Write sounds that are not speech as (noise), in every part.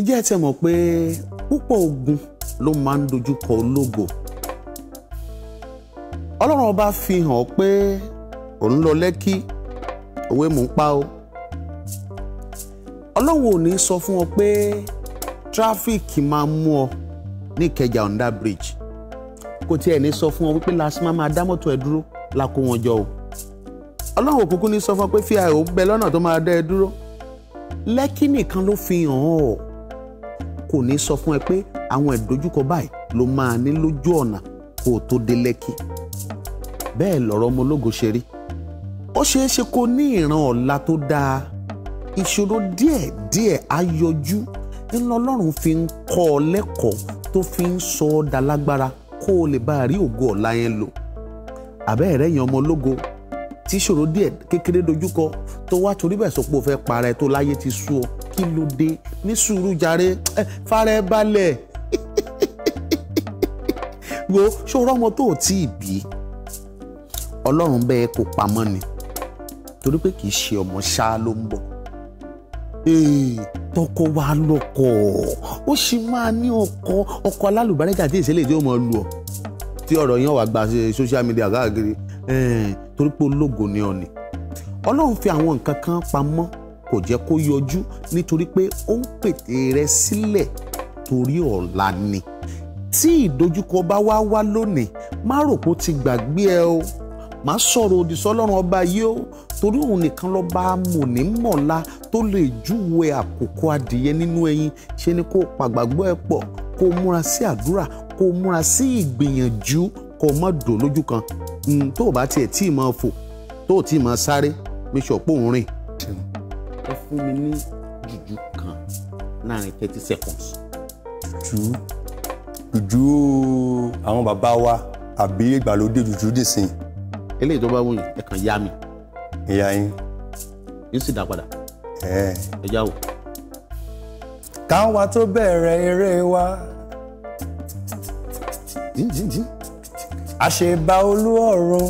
ìjẹ́ ti mọ̀ pé púpọ̀ ogun ló máa ń dojúkọ ológo ọlọ́run ọba fi hàn pé òun lọ lẹ́kí òwe mò ń pa o ọlọ́run ò ní sọ fún ọ pé tráfíìkì máa mú ọ ní ìkẹjà under bridge kò tiẹ̀ ní sọ fún ọ wípé lasima máa dá mọ́tò ẹ dúró la kó wọn jọ o ọlọ́run òkùnkùn ní sọ fún ọ pé fi àìhò bẹ lọ́nà tó máa dá ẹ dúró lẹ́kí nìkan ló fi hàn ọ́ kò ní sọ fún ẹ pé àwọn ìdojúkọ báyìí ló máa ní lójú ọ̀nà kó o tó dé lẹ́kì bẹ́ẹ̀ lọ̀rọ̀ ọmọ ológo ṣe rí ó ṣeé ṣe kó ní ìran ọ̀la tó dáa ìṣòro díẹ̀ díẹ̀ á yọjú ńlọ ọlọ́run fi ń kọ́ ọ lẹ́kọ̀ọ́ tó fi ń sọ ọ́ da lágbára kó o lè bá a rí ògo ọ̀la yẹn lò àbẹ́ẹ̀rẹ́ yẹn ọmọ ológo tí ìṣòro díẹ̀ kékeré dojúkọ tó wá torí bẹ́ẹ̀ sọ pé o fẹ́ para ẹ tó láyé ti sú ọ kí ló dé ní sùúrù jàre fara ẹ balẹ̀ (laughs) wo ṣé o rọ́mọ tó o tí ì bí ọlọ́run bẹ́ẹ̀ kó pamọ́ ni torí pé kì í ṣe ọmọ ṣáá ló ń bọ̀ tọkọ wa lọkọ ó sì máa ní ọkọ ọkọ alálùbárẹ́jà tí ìṣẹ̀lẹ̀ tí ó máa lu ọ tí ọ̀rọ̀ yẹn wà gba social media káàkiri torí pé ológo ni ọ ni ọlọ́run fi àwọn nǹkan kan pamọ́ kò jẹ́ kó yọjú nítorí pé ó ń pètè rẹ sílẹ̀ torí ọ̀la ni tí ìdojúkọ bá wá wá lónìí má rò pé ó ti gbàgbé ẹ o má sọ̀rọ̀ òdì sọ́lọ́run ọba yìí o torí òun nìkan lọ́ba mọ̀nímọ̀lá tó lè júwe àkókò adìyẹ nínú ẹyin ṣe ni kó pàgbàgbọ́ ẹ pọ̀ kó múra sí àdúrà kó múra sí ìgbìyànjú kó má dò lójú kan hmm, tó o bá tiẹ̀ tí ì máa fò tó o tí ì máa sáré bíṣọ̀pù ń rìn ẹ fún mi ní jùjú kan láàrin thirty seconds. jùjú jùjú àwọn bàbá wa àbí ìgbàlódé jùjú dìsìn. eléyìí tó bá wù yín ẹ kàn yá mi. ìyá yín. yóò sì dá padà. ẹ já káwa tó bẹ̀rẹ̀ eré wa. àṣebà olú ọ̀run.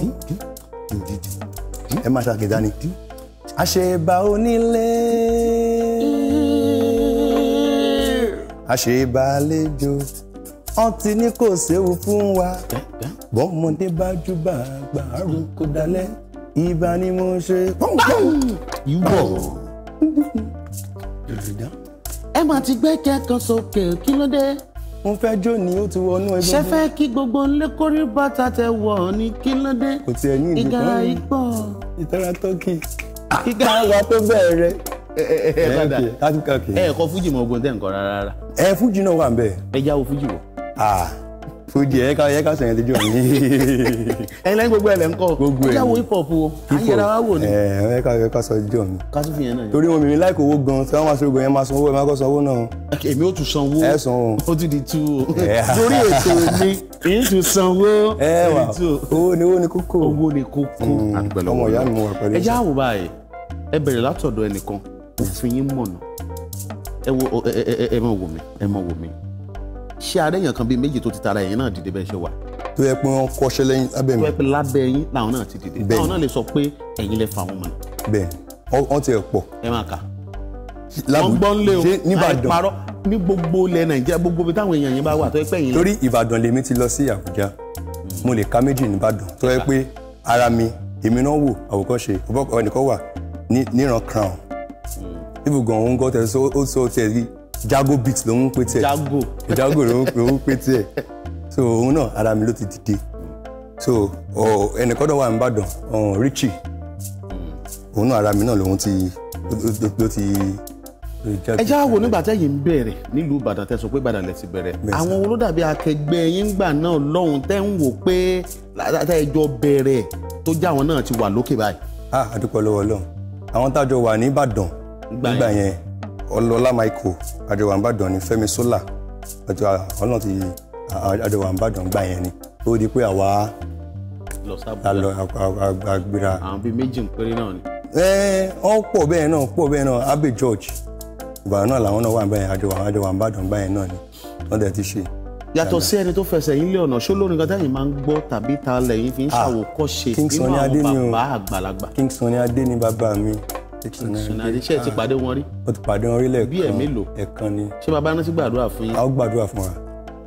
ẹ má ṣàkíyèsí ni àṣebà onílé àṣebà àlejò wọn ní kò séwu fún wa bọ́mọdé bá júbà gbàrú kó dalẹ̀ ibà ni mo ṣe. ìwọ ẹ máa ti gbé kẹ́kọ̀ọ́ sókè kí ló dé mo fẹ́ jó ni ó ti wọnú ẹgbẹ́ mi. ṣé fẹ́ kí gbogbo nlé kórí bàtà tẹ wọ̀ ni kí ló dé. kò tiẹ̀ ní ìdí kan ìgara igbó. ìtara tọ́kì kíkà wa tó bẹ̀rẹ̀ ẹ kọ fújì mọ ogun tẹ nǹkan rárá. ẹ fújì náà wà nbẹ. ẹ jáwó fújì wọ. fújì ẹ ká ẹ ká sẹyìn lójú ọ̀nì. (laughs) ẹyin lẹ́yìn gbogbo ẹ lẹ́ ń kọ́ gbogbo ẹ jáwó hip hop o ayẹra wa wò ni. ẹ ẹ ká ẹ ká sọ ojú ọ̀nì. kásù fi yẹn náà. torí wọn mímí láìkó owó gan tí wọn máa sanwó yẹn máa sanwó ẹ máa kọ sanwó náà. èmi ò tún sanwó ẹ sanwó ó tún di tú o lórí ètò mi èyí tún sanwó ẹ wà owó ni kókó owó ni kókó mm, ọmọ ìyá mi wà pẹ̀lú ẹ jáwó báyìí ẹ bẹ̀rẹ̀ látọ̀dọ̀ ẹnìkan òfin yín mọ̀nà ẹ wo ẹ mọ̀ wò mí ẹ mọ̀ wò mí ṣé àárẹ̀yàn kan bíi méjì tó ti tara ẹ̀yìn náà dìde bẹ́ẹ̀ ṣe wà. tó yẹ pé wọ́n kọ́ṣẹ́ lẹ́yìn lábẹ́ mi. tó yẹ pé lábẹ́ yín làwọn náà ti dìde. bẹ́ẹ̀ àwọn náà lè sọ pé ẹ̀yin lè fa àwọn ọmọ náà. bẹ́ẹ̀ wọ́n ti ẹ̀ pọ̀. ẹ máa kà. wọ́n gbọ́ ń lé o àìparọ́ ní gbogbo ilẹ̀ nàìjíríà gbogbo ibi táwọn èèyàn yẹn bá wà tó yẹ pé ẹ̀yin. torí ìbàdàn lèmi ti lọ sí àbújá mo lè ka méjì nìbàdàn tó yẹ hmm. pé ara mi èmi náà wò àwòkọ́ṣe ọ̀nìkan wà níran crown ibùgàn hmm. òun gọ́tẹ̀ ó sọ tiẹ̀ rí jago beat ló ń pè tiẹ̀ jago jago ló ń pè tiẹ̀ so òun náà ara mi ló ti dìde so ẹnìkan náà wà ní Ìbàdàn Richie hmm. òun náà ara mi náà lòun ti ló ti ẹ já wo nígbà tẹ́yìn ń bẹ̀rẹ̀ nílùú ìbàdàn tẹ́ sọ pé ìbàdàn lẹ̀ ti bẹ̀rẹ̀ àwọn wo ló dàbí akẹgbẹ́ yín gbà náà lọ́hùn tẹ́ ń wò pé látàjọ bẹ̀rẹ̀ tó já àwọn náà ti wà lókè báyìí. Ah, a àdúpọ̀ lọ́wọ́ Ọlọ́run àwọn tájọ wà ní nígbà ọlọlá Michael ajọwa wà n'i Ìbàdàn Sola àjọ ti gbà ni tó di pé àwa agbèrà. àwọn bíi méjì ń péré náà ni. ẹ ọ pọ̀ bẹ́ẹ̀ náà pọ bẹ́ẹ̀ náà Abbey George Ìbàdàn náà làwọn náà wà ní ni yàtọ̀ sí ẹni tó fẹsẹ̀ yín lé ọ̀nà ṣó lórin kan tẹ́yìn máa ń gbọ́ tàbí ta lẹ́yìn fi ń ah, ṣàwòkọ́ṣe nínú àwọn bàbá àgbàlagbà. King Sunny Adé ni bàbá mi. King Sunny Adé ṣe é ti ah. pàdé wọn rí. ó ti pàdé wọn rí lẹ́ẹ̀kan bí ẹ̀ mélòó. ẹ̀kan ni. ṣé bàbá rántí gbàdúrà fún yín. a ó gbàdúrà fún wa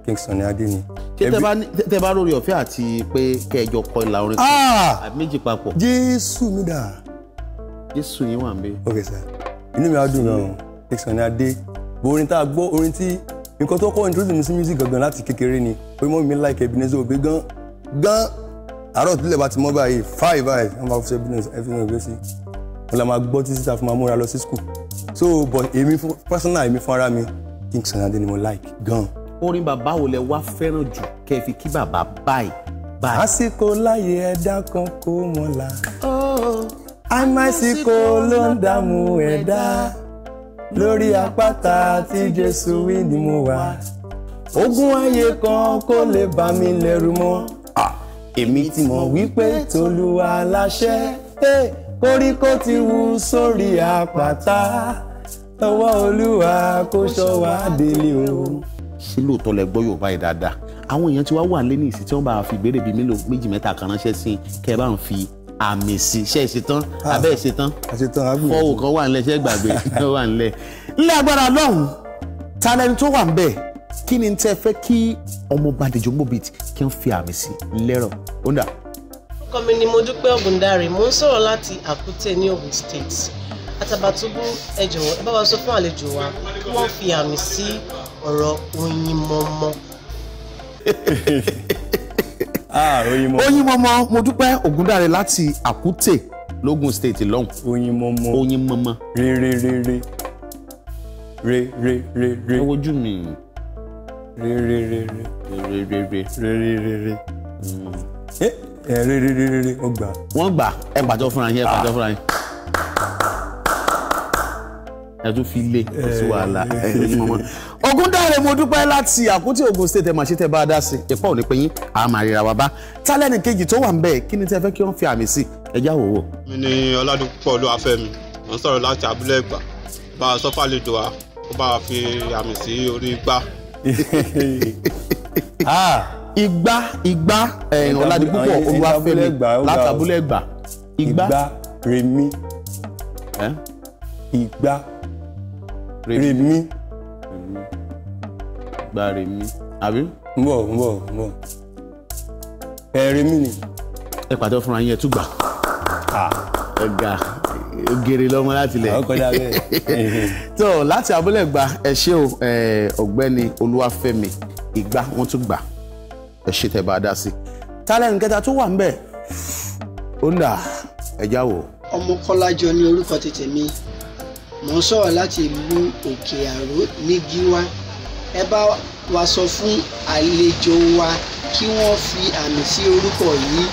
King Sunny Adé ni. ṣé tẹ bá lórí ọ̀fẹ́ àti pé kẹjọ kọ ìlà orin kan ah! méjì papọ̀. Jésù mi dà nǹkan tó kọ́ introduce mi sí music gangan láti kékeré ni pé mọ́ mi like Ebenezer Obey gan gan àárọ̀ tílẹ̀ bá ti mọ́ báyìí five five wọ́n máa fi ṣe Ebenezer sí wọ́n la máa gbọ́ títí tá a fi máa múra lọ sí school so but èmi personal èmi fún mi King Sunny ni mo like gan. orin bàbá wo lẹ wá fẹ́ràn jù kẹ́ ẹ fi kí bàbá báyìí báyìí. àsìkò láyé ẹ̀dá kan kò mọ̀la oh, àmásìkò ló ń dààmú ẹ̀dá lórí àpáta tí Jésù wí ni mo wà ogun ayé kan kò lè bà mí lẹ́rù mọ́ èmi ti mọ̀ wípé tolúwa láṣẹ koríko ti wù sórí àpáta ọwọ́ olúwa kò ṣọ́ wa délé o. ṣé lóòótọ́ lẹ gbọ́ Yorùbá yìí dáadáa àwọn èèyàn tí wàá wà lé ní ìsìn tí wọ́n bá fi ìbéèrè bíi mélòó méjì mẹ́ta kan ránṣẹ́ sí kẹ́ ẹ bá ń fi àmì sí ṣe ìṣetán ah. abẹ́ ìṣetán fọwọ́ kan wà nílẹ̀ ṣe gbàgbé kan (laughs) wà nílẹ̀ nílẹ̀ agbára lọ́hùn ta lẹni tó wà níbẹ̀ kí ni tẹ́ fẹ́ kí ọmọọba Deji Mobeat kí n fi àmì sí lẹ́rọ̀ ó dà. ọkọ mi ni mo dúpẹ́ ọ̀gùndàrè mo ń sọ̀rọ̀ láti àkútẹ̀ ní Ogun State Àtàbàtúbú ẹ jọ̀wọ́ ẹ bá wa sọ fún àlejò wa kí wọ́n fi àmì sí ọ̀rọ̀ Oyinmọmọ. (laughs) Ah, Oyinmọmọ mo dúpẹ́ Ògúndáre láti akute, logun state lọ́hùn. Oyinmọmọ Oyinmọmọ. re re re re re re re re. ẹ wojú mi. re re re re re re re re re re re. ẹ ẹ hmm. eh, eh, re re re re re wọ́n gbà. wọ́n gbà ẹ pàtó fúnra yín ẹ pàtó ah. fúnra yín ẹ tún fi lé kò sí eh. wàhálà Ògúndáre (laughs) mo dúpẹ́ láti àkútì Ògùn state ẹ mà ṣe tẹ bá a dá sí ìpá òní pé yín a máa ríra wa bá tálẹ́nì kejì tó wà ń bẹ̀ kí ni tẹ fẹ́ kí wọ́n fi àmì sí ẹjá wò wò. mi ni ọládùpọ̀ olúwafẹ́mi mo ń sọ̀rọ̀ láti abúlé ẹ̀gbá bá a sọ fàlejò wa ó bá a fi àmì sí orí igbá. (laughs) Ah. igbá igbá eh, ọládùpọ̀ olúwafẹ́mi látàbúlẹ̀ ẹ̀gbá igbá rèmi igbá rèmi. gba rèmi àbí. ń bọ̀ ń bọ̀ ń bọ̀ ẹ rèmi ni. ẹ pàtó fúnra yín ẹ tún gbà. ẹ ga gèrè lọmọ láti lẹ. ọkọjá bẹ́ẹ̀. (laughs) tó láti abúlé gba ẹ ṣé o ọ̀gbẹ́ni olúwafẹ́mi ìgbà wọn tún gbà ẹ ṣe tẹ bá a dá sí. tálẹ́ǹ kẹta tó wà ń ó ń dà ẹja wò. ọmọkọ́lájọ ni orúkọ tètè mi mò ń sọ̀rọ̀ láti ìlú òkè àró ní gíwá ẹ bá wa sọ fún àlejò wa kí wọ́n fi àmì sí orúkọ yìí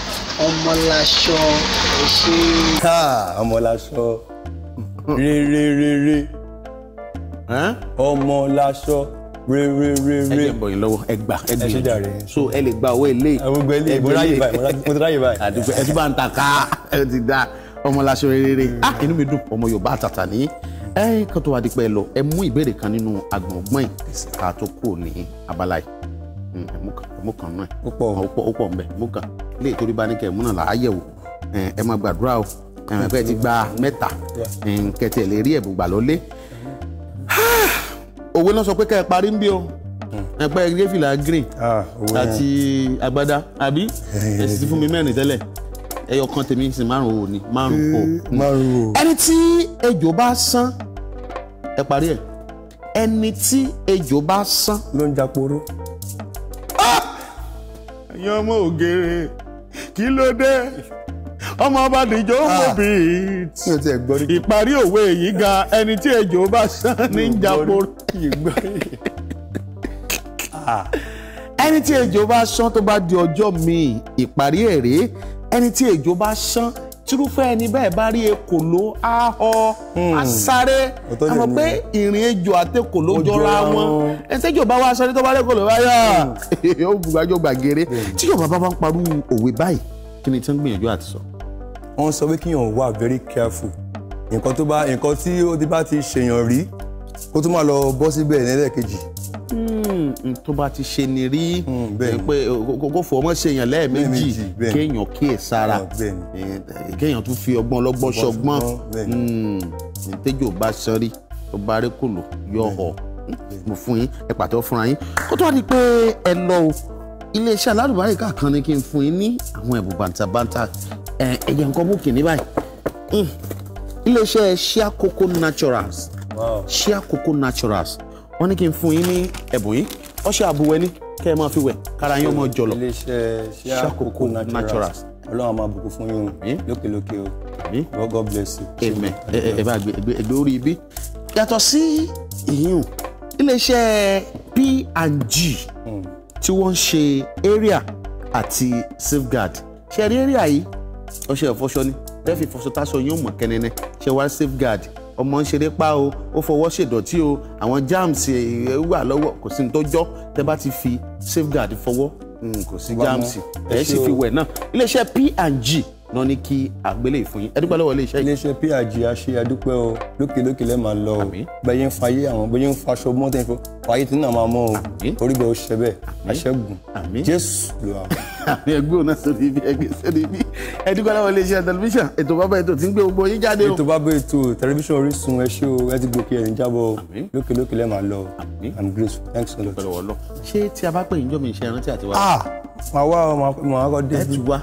ọmọláṣọ ẹ ṣé. ká ọmọláṣọ réréréré ọmọláṣọ réréréré. ẹ jẹ́ bọ̀yìn lọ́wọ́ ẹ gbà ẹ gbìyànjú so ẹ lè gba owó ilé. àwọn gbẹ ilé ìbò ráyè báyìí mo ti ráyè báyìí. àdúgbò ẹ tún bá ń ta ká (laughs) ẹ ti da ọmọláṣọ réréré. Ah, inú mi dùn ọmọ Yorùbá àtàtà nìyí ẹ kan tó wá di pẹ́ lọ ẹ mú ìbéèrè kan nínú agbọ̀ngbọ̀n yìí ká tó kúrò ní abala yìí hmm, ẹmú kan náà ó pọ̀ ó pọ̀ nbẹ mú kan ilé ìtorí bá ní kẹ́ ẹ̀ mú náà láàyè wò ẹ máa gbàdúrà o ẹ̀fẹ́ ti gba mẹ́ta kẹtì ẹ̀ lè rí ẹ̀bùn gbà lọ́lé (sighs) òwe náà sọ pé ká ẹ parí ń bí o hmm. ẹ̀pẹ́ gẹ́fìlà green ah, àti agbádá àbí (laughs) ẹ̀sì ti fún mi mẹ́rin tẹ́lẹ̀ ẹyọ kan tèmi sì márùn-ún òní márùn-ún o ẹni tí ejò bá sán ẹ parí ẹ̀ ẹni tí ejò bá sán. ló ń jàporó. ẹ̀yin ọmọ ògèrè kí ló dé ọmọ ọba dìjọ ah. wò bí ìparí òwe yìí ga ẹni tí ejò bá sán ní jàporó. ẹni tí ejò bá sán tó bá di ọjọ́ mi ìparí ẹ̀ rèé ẹni tí ejò bá sán tírúfẹ́ ẹni bẹ́ẹ̀ bá rí ekòló ahọ́ asáré hmm. àmọ́ pé ìrìn ejò àti ekòló jọra wọn ẹsẹ́jò bá wá sáré tó bá rẹ́kòló báyà hmm. (laughs) ó gbàjọ gbàgéré hmm. tí Yorùbá bá bá ń parú òwe báyìí kí ni tí ń gbìyànjú àti sọ. wọ́n sọ pé kíyàn wà very careful nǹkan tó bá nǹkan tí ó ti bá ti ṣèyàn rí kó tó máa lọ bọ́ síbẹ̀ nílẹ̀ kejì tó bá ti ṣe ni rí mm, pé kó fọ ọmọ ṣe èèyàn lẹ́ẹ̀mejì kéèyàn kíyèsára kéèyàn tún fi ọgbọ́n ọlọ́gbọ́n ṣọgbọ́n ìtẹ́jọ́ mm, bá ṣan rí ọba arékòló yọ ọ̀ mo fún yín ẹ pàtó fúnra yín kó tó wá di pé ẹ lọ o iléeṣẹ́ alárùbáríkà kan ni kí n fún yín ní àwọn ẹ̀bùn bàǹtàbàǹtà ẹ̀yẹ nǹkan bókè ní báyìí mm. iléeṣẹ́ Shia Koko Naturals Shia Koko Naturals wọ́n ní kí n fún yín ní ẹ̀bùn yìí ọṣẹ àbúwẹ̀ ni kẹ́ ẹ máa fi wẹ̀ kára yín ọmọ jọlọ. iléeṣẹ́ Shakoko naturals ọlọ́run máa bùkún fún yín lókèlókè o God bless you. amen ẹ bá gbé orí ibi yàtọ̀ sí ìyún iléeṣẹ́ P&G hmm. tí wọ́n ń ṣe area àti safeguard ṣe rí area yìí ọṣẹ ìfọṣọ ni tẹ́fì ìfọṣọ táṣọ yóò mọ̀ kẹ́nẹ́nẹ́ ṣe wá safeguard ọmọ ń ṣeré pa o ó fọwọ́ ṣèdọ̀tí o àwọn germs eh, wà lọ́wọ́ kò sí ní tó jọ́ tẹ́ bá ti fi safeguard fọwọ́ hmm, kò sí germs ẹ̀ sì fi wẹ̀ náà iléeṣẹ́ P&G náà ní kí àgbélé ìfún yín ẹ dúpẹ́ lọ́wọ́ iléeṣẹ́ yìí. iléeṣẹ́ P&G àṣẹ àdúpẹ́ o lókèlókè lẹ́ẹ̀ máa lọ o bẹ́yẹn fayé àwọn bẹ́yẹn faṣọ mọ́tẹ́ fún fayé tí náà máa mọ́ o orí bẹ́ẹ̀ ó ṣẹ bẹ́ẹ̀ àṣẹ́gun Jésù lọ́wọ́ àmì ẹgbẹ́ òun náà tó ní ibi ẹgbẹ́ sẹ́ni bí ẹdúgbọ́n láwọn iléeṣẹ́ tẹlifíṣàn ètò bàbá ètò tí ń gbé gbogbo yín jáde o. ètò bàbá ètò tẹlifíṣàn Orísun ẹ ṣé o ẹ ti gòkè ẹ̀yìn jábọ̀ lókè lókè lẹ́ẹ̀ máa lọ i'm grateful thanks a lot. ṣé tí a bá pè yín jọ́ mi ṣe rántí àti wá. ah màá wá ọ màá kọ dé. ẹ ti wá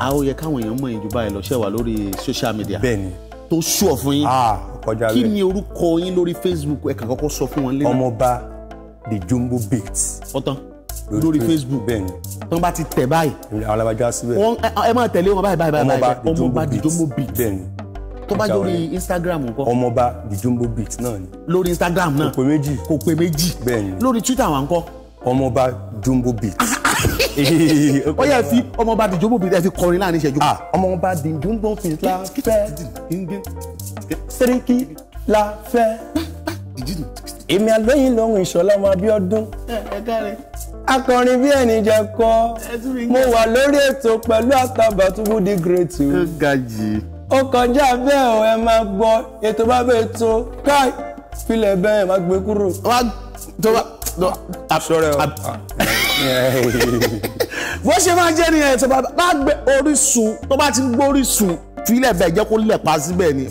a ó yẹ káwọn èèyàn mọ ìjọba ẹ lọ ṣẹ wà lórí social media. bẹ́ẹ̀ni tó ṣùọ fún yín. ah kọjá bẹ́ẹ̀ kí ni orúkọ yín lórí Facebook ẹ kàn kọ́kọ́ sọ fún wọn lẹ́nu. ọmọọba the jumbo beat. ọtán lórí Facebook bẹ́ẹ̀ni tán bá ti tẹ̀ báyìí alábàjá síbẹ̀ wọn ẹ máa tẹ̀lé wọn báyìí báyìí báyìí ọmọọba dijombo beat bẹ́ẹ̀ni tó bá lórí Instagram nǹkan ọmọọba dijombo beat náà ni lórí Instagram náà kò pé méjì kò pé méjì bẹ́ẹ̀ni lórí Twitter wa nǹkan ọmọọba jumbo beat (laughs) ó yẹ fi ọmọọba dijombo beat ẹ fi kọrin láàrin ìṣẹ́jú. Ah, ọmọọba dijombo beat la fẹ́ sẹ́ríkì la fẹ́ èmi àlóyìn lòun ìṣọ̀lá ọmọ Abíọ́dún. ẹ ẹ dáre akọrin bí ẹni jẹ kọ mo wà lórí ètò pẹ̀lú Àtàbàtúbú the great o. ó kọjá bẹ́ẹ̀ o ẹ máa gbọ́ ètò bá bẹ́ẹ̀ tó káì filẹ̀ bẹ́ẹ̀ má gbé kúrò. wá tó bá àṣọrẹ o. (laughs) bó ṣe máa jẹ́ nìyẹn tó bá gbé Orísun tó bá ti gbórísun filẹ̀ bẹ́ẹ̀ jẹ́ kó lẹ̀ pa síbẹ̀ ni.